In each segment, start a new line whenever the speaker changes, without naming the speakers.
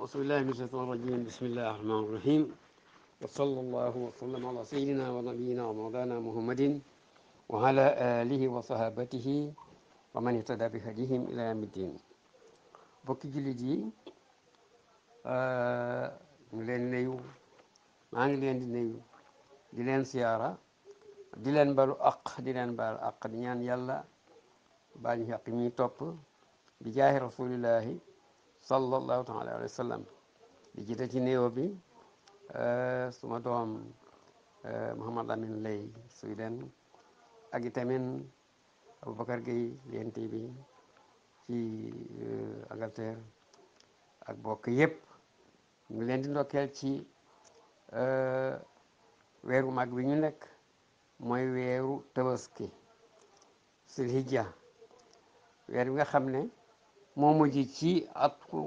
بسم الله من الشيطان الرجيم بسم الله الرحمن الرحيم وصلى الله وسلم على سيدنا ونبينا ومولانا محمد وعلى آله وصحابته ومن اهتدى بهديهم إلى يوم الدين بك جلدي آه، نلين نيو ما نلين نيو دلين سيارة دلين بالو أق دلين بالو أق دلين يلا بالي حقيمي توب بجاه رسول الله صلى الله عليه وسلم sallallahu taala alayhi wa sallam di jiite ci néew bi eh, suma doom eh, Mouhamad Lamine Lay Sweden ak itamit Aboubacar Gueye yent bi ci eh, Angleterre ak bokk yëpp ñu ngi leen di ndokkeel ci weeru mag bi ñu nekk mooy weeru tabaski sulhijja weer bi nga xam ne moo mujj ci atu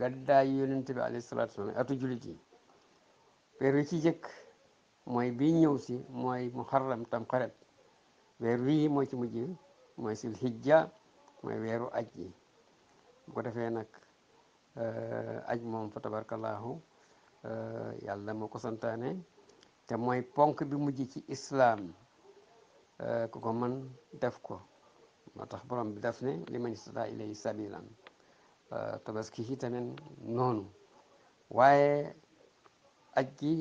gàddaay yonent bi alayhi salaatu salaam atu jullit yi weer wi ci jëkk mooy bi ñëw si mooy muharram tamxarit weer wii moo ci mujj mooy sil hijja mooy weeru aj yi bu ko defee nag eh, aj moom fa tabarkallahu eh, yàlla moo ko santaane te mooy ponk bi mujj ci islaam eh, ku ko man def ko moo tax borom bi daf ne li man istata ilayhi sabilan tabaski yi tamit noonu waaye aj gi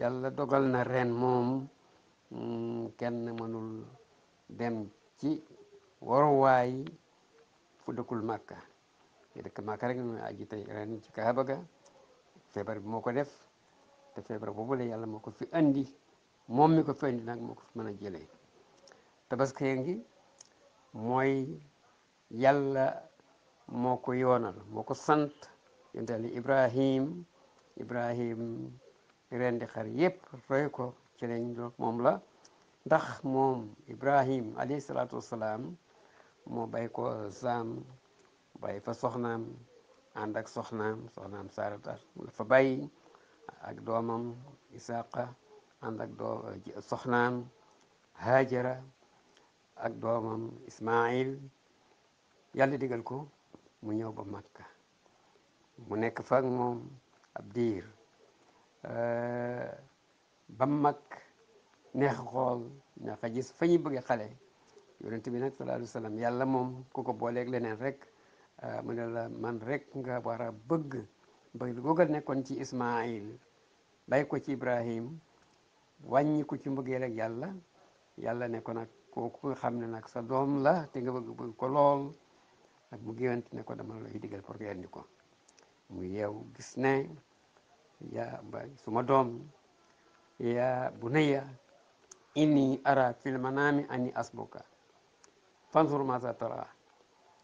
yàlla dogal na ren moom kenn mënul dem ci waruwaay fu dëkkul màkka yi dëkk màkka rek ñu aji tey ren ci kaaba ga feebar bi moo ko def te feebar boobu la yàlla moo ko fi andi moom mi ko fi andi nag moo ko fi mën a jëlee tabaski ngi mooy yàlla moo ko yoonal moo ko sant yonent ibrahim ibrahim rendi xar yépp roy ko ci moom la ndax moom ibrahim alayhi salaatu wassalaam moo bay ko saam bay fa soxnaam ànd ak soxnaam soxnaam saarata la ak doomam isaqa ànd ak soxnaam haajara ak doomam Ismail yàlla digal ko mu ñëw ba Makka mu nekk fa ak moom ab diir eh, ba mag neex xool neex a gis fa ñu bëgg xale yonent bi nag sallallahu alayhi yàlla moom ku ko booleeg leneen rek eh, mu ne la man rek nga war a bëgg bëgg googal nekkoon ci Ismail bàyyi ko ci Ibrahim wàññi ko ci mbëggeel rek yàlla yàlla ne ko nag kooku xam ne nag sa doom la te nga bëgg bëgg ko lool nag mu géwante ne ko dama lay digal pour nga indi ko mu yeew gis ne yaa ba suma doom yaa bunayya inni ara fil manaami ani asbuka fanzur maza tara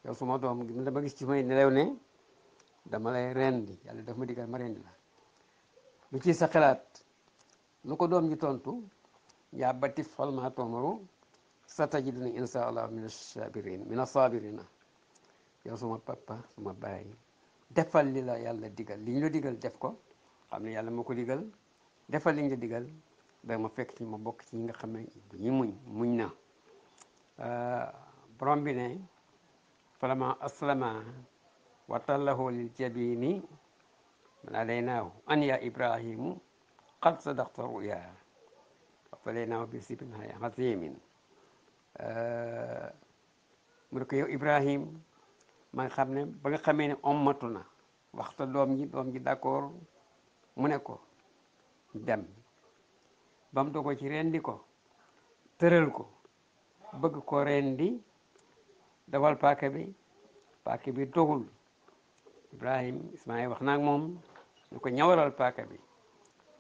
yow suma doom dama gis ci may nelew ne dama lay rendi yàlla daf ma digal ma rendi la lu ci sa xalaat lu ko doom ji tontu yaa batif fal toomaru satajidni insha allah min asabirin min asabirina yow suma papa suma bàyyi defal li la yàlla digal li ñu la digal def ko xam ne yàlla moo ko digal defal li ñu la digal da ma fekk ci ma bokk ci ñi nga xam ne ñu muñ muñ na borom bi ne falama aslama watallahu lil jabini man alaynaahu an ya ibrahimu qad sadaqta ruya wafalaynahu bi sibin hazimin mu ne ko yow Ibrahim ma nga xam ne ba nga xamee ne ommatu na waxta doom ji doom ji d'accord mu ne ko dem ba mu ko ci rendi ko tëral ko bëgg ko rendi dawal paaka bi paaka bi dogul Ibrahim Ismaïl wax naa moom ñu ko ñawaral paaka bi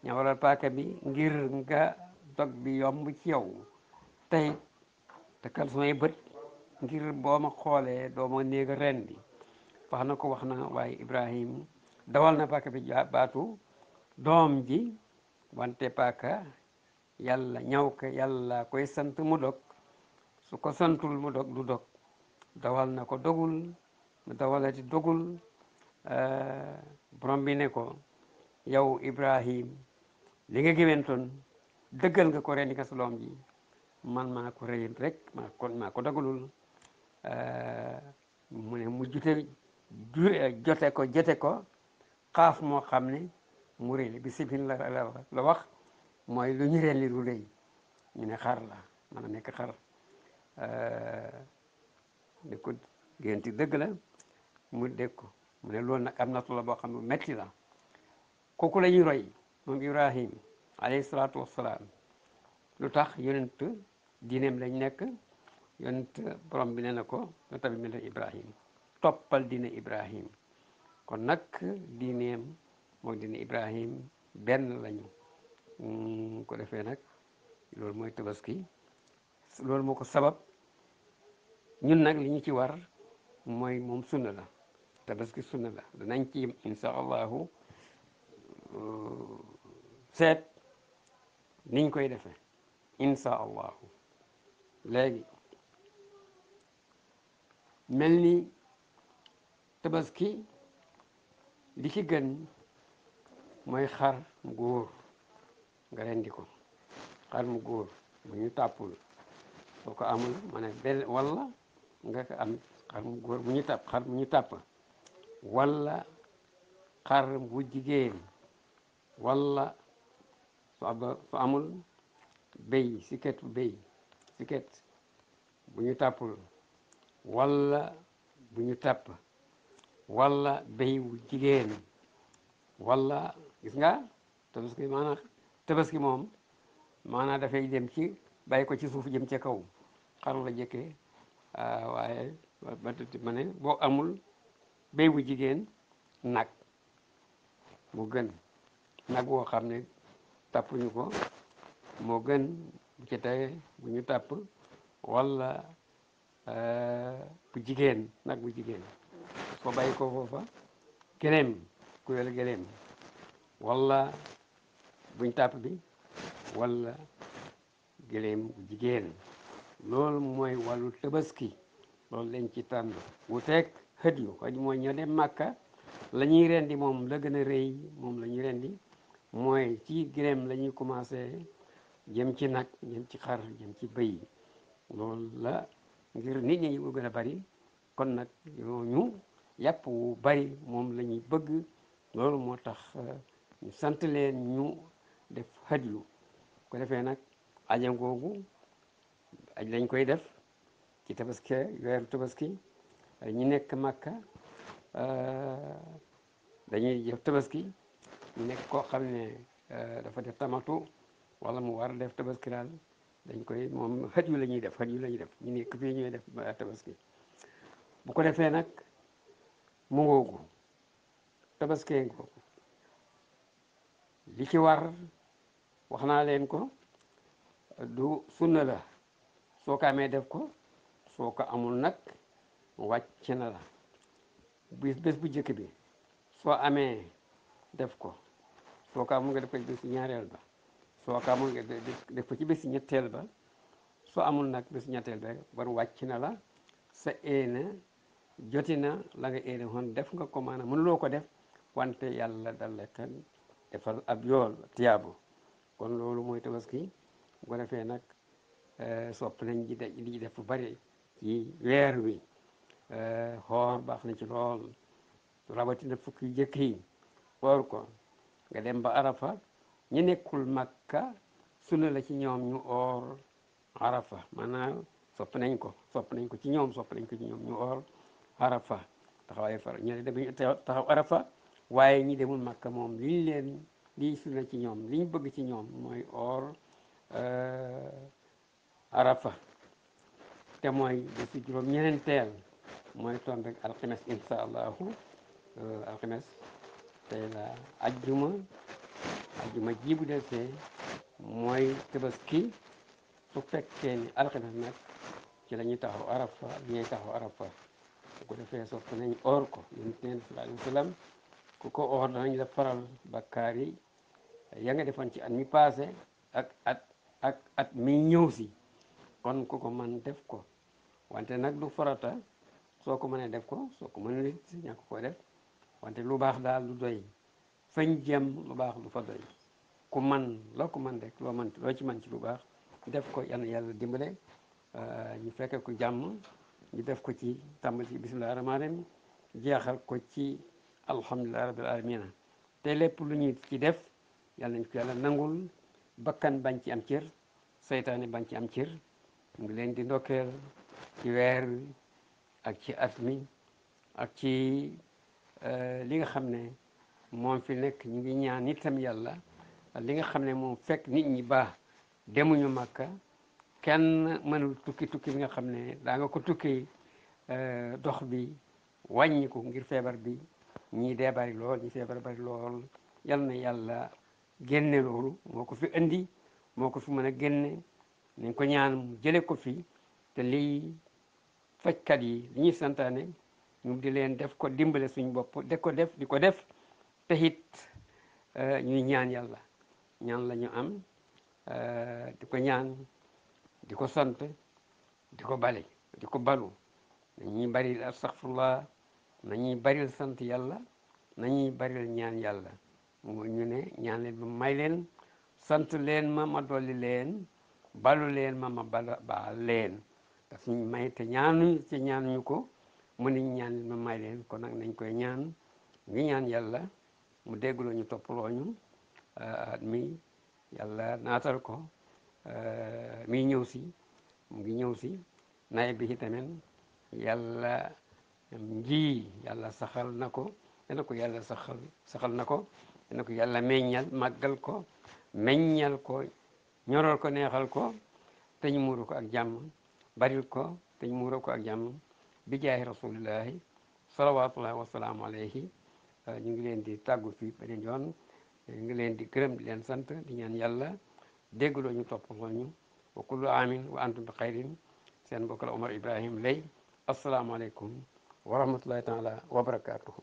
ñawaral paaka bi ngir nga dog bi yomb ci yow tey takkal sumay bët ngir boo ma xoolee doo ma néega ren bi wax na ko wax na waaye Ibrahim dawal na paaka bi baatu doom ji wante paaka yàlla ñaw ko yàlla koy sant mu dog su ko santul mu dog du dog dawal na ko dogul mu dawalati dogul eh, borom bi ne ko yow Ibrahim li nga gëmentoon dëggal nga ko ren di nga sa doom ji man maa ko rëyal rek maa kon maa ko dagalul eh, mu ne mu jute jote ko jote ko xaaf moo xam ni mu rëy bi sifin la la wax mooy lu ñu rendi lu ñu ne xar la man a nekk xar di eh, ko génti dëgg la mu dégg ko mu ne loolu nag am nattu la boo xam ne metti la kooku la ñuy roy moom Ibrahim alayhi salaatu wassalaam lu tax yonent diineem lañ nekk yonent borom bi nee na ko ñoo bi mel ne Ibrahim toppal diine Ibrahim kon nag diineem moog diine Ibrahim benn lañu mm, ko defee nag loolu mooy tabaski loolu moo ko sabab ñun nag li ñu ci war mooy moom sunna la tabaski sunna la danañ ci insha allahu euh, seet niñ koy defee insha léegi mel ni tabaski li ci gën mooy xar mu góor nga rendi xar mu góor bu ñu tàppul boo ko amul ma ne benn walla nga ko am xar mu góor bu ñu tàpp xar bu ñu tàpp walla xar bu jigéen walla su amul béy si ketu béy ticket bu ñu tàppul walla bu ñu tàpp walla béy wu jigéen walla gis nga tabaski maanaa tabaski moom maanaa dafay dem ci bàyyi ko ci suuf jëm ci kaw xar la jëkkee ah, waaye ma ne boo amul béy wu jigéen nag mu gën nag woo xam ne tàppuñu ko moo gën kedai bunyi tak apa wala uh, eh, bujigen nak bujigen ko bayi ko fofa kerem ko yel kerem wala bunyi tak bi wala kerem bujigen lol moy walu tebaski lol len ci tan wu tek hadyu ko moy ñu dem makka lañuy rendi mom la gëna reey mom lañuy rendi moy ci kerem lañuy commencer jëm ci nag jëm ci xar jëm ci bëy loolu la ngir nit ñi ñu ko gën a bari kon nag ñu yàpp wu bari moom lañuy bëgg loolu moo tax euh, ñu sant leen ñu def xajlu ko defee nag ajam googu aj lañ koy def ci tabaski weeru tabaski ñu nekk màkka euh, dañuy jëf tabaski ñu nekk koo xam ne euh, dafa def tamatu wala mu war def tabaski daal dañ koy moom xaj yu la ñuy def xaj yu lañuy def ñu nekk fii ñooy def tabaski bu ko defee nag mu ngoogu tabaskee li ci war wax naa leen ko du sunna la soo ko amee def ko soo ko amul nag wàcc la bis bu jëkk bi soo amee def ko soo ko amul nga def ko ñaareel ba soo ko amul nga def ko ci bési ñetteel ba soo amul nag bési ñetteel ba ban wàcc na la sa éena joti na la nga éena woon def nga ko maanaam mënuloo ko def wante yàlla dal la kan defal ab yool tiyaabu kon loolu mooy tabaski bu ko nag eh, sopp nañ di di def bu bari ci weer wi eh, xoor baax na ci lool rawatina fukki jëkk yi xoor ko nga dem ba arafa ñi nekkul makka sunna la ci ñoom ñu oor arafa maanaam sopp nañ ko sopp nañ ko ci ñoom sopp nañ ko ci ñoom ñu oor arafa taxaw arafa waaye ñi demul makka moom liñ leen lii sunna ci ñoom liñ bëgg ci ñoom mooy oor euh, arafa te mooy bésu juróom ñeenteel mooy tombek alxames incha allahu euh, alxames tey la ajjuma ajuma ji bu desee mooy tabaski su fekkee ni alxames nag ci la ñuy taxaw arafa ñuy taxaw arafa bu ko defee sopp nañ or ko yonent bi sallallahu alayhi wa sallam ku ko or danañ la faral bakkaar yi ya ngi defoon ci at mi paase ak at ak mi ñëw si kon ku ko man def ko wante nag du farata soo ko mënee def ko soo ko mënee ñàkk ko def wante lu baax daal du doy fañ jëm lu baax lu fa ku man loo ko man rek loo loo ci man ci lu baax def ko yan yàlla dimbale euh, ñu fekke ko jàmm ñu def ko ci tàmbali ci bisimilah rahmaani rahim jeexal ko ci alhamdulilah rabbil alamina te lépp lu ñu ci def yàlla nañ ko yàlla nangul bakkan bañ ci am cër seytaane bañ ci am cër mu ngi leen di ndokkeel ci weer wi ak ci at ak ci euh, li nga xam ne moom fi nekk ñu ngi ñaan itam yàlla li nga xam ne moom fekk nit ñi baax demuñu màkka kenn mënul tukki tukki bi nga xam ne daa nga ko tukki euh, dox bi wàññiku ngir feebar bi ñii dee bari lool ñi feebar bari lool yal na yàlla génne loolu moo ko fi indi moo ko fi mën a génne nañ ko ñaan mu jële ko fi te lii fajkat yi li ñuy santaane ñu di leen def ko dimbale suñ bopp de ko def di ko def te it eh, ñuy ñaan yàlla ñaan lañu am eh, di ko ñaan di ko sant di ko bale di ko balu nañuy baril astaghfirullah nañuy baril sant yàlla nañuy baril ñaan yàlla mu ñu ne ñaan leen ma may leen sant leen ma ma dolli leen balu leen ma ma bala baal leen daf ñu may te ñaanuñu ci ñaanuñu ko mu ne ñaan leen ma may leen nag nañ koy ñaan ngi ñaan yàlla mu déggloo ñu toppaloo ñu euh, at mi yàlla naatal ko euh, mi ñëw si mu ngi ñëw si nawet bi tamit yàlla nji yàlla saxal na ko dana ko yàlla saxal saxal na ko dana ko yàlla meññal màggal ko meññal ko ñoral ko neexal ko te ñu ak jàmm baril ko te ñu ko ak jàmm bi jaahi rasulillahi salawatullahi wasalaamu alayhi ñu ngi leen di tàggu fi beneen yoon ñu ngi leen di gërëm di leen sant di ñaan yàlla déggloo ñu topp xool ñu wa kullu amin wa antum bi xayrin seen mbokk la Omar Ibrahim Lay asalaamaaleykum wa rahmatullahi taala wa barakaatuhu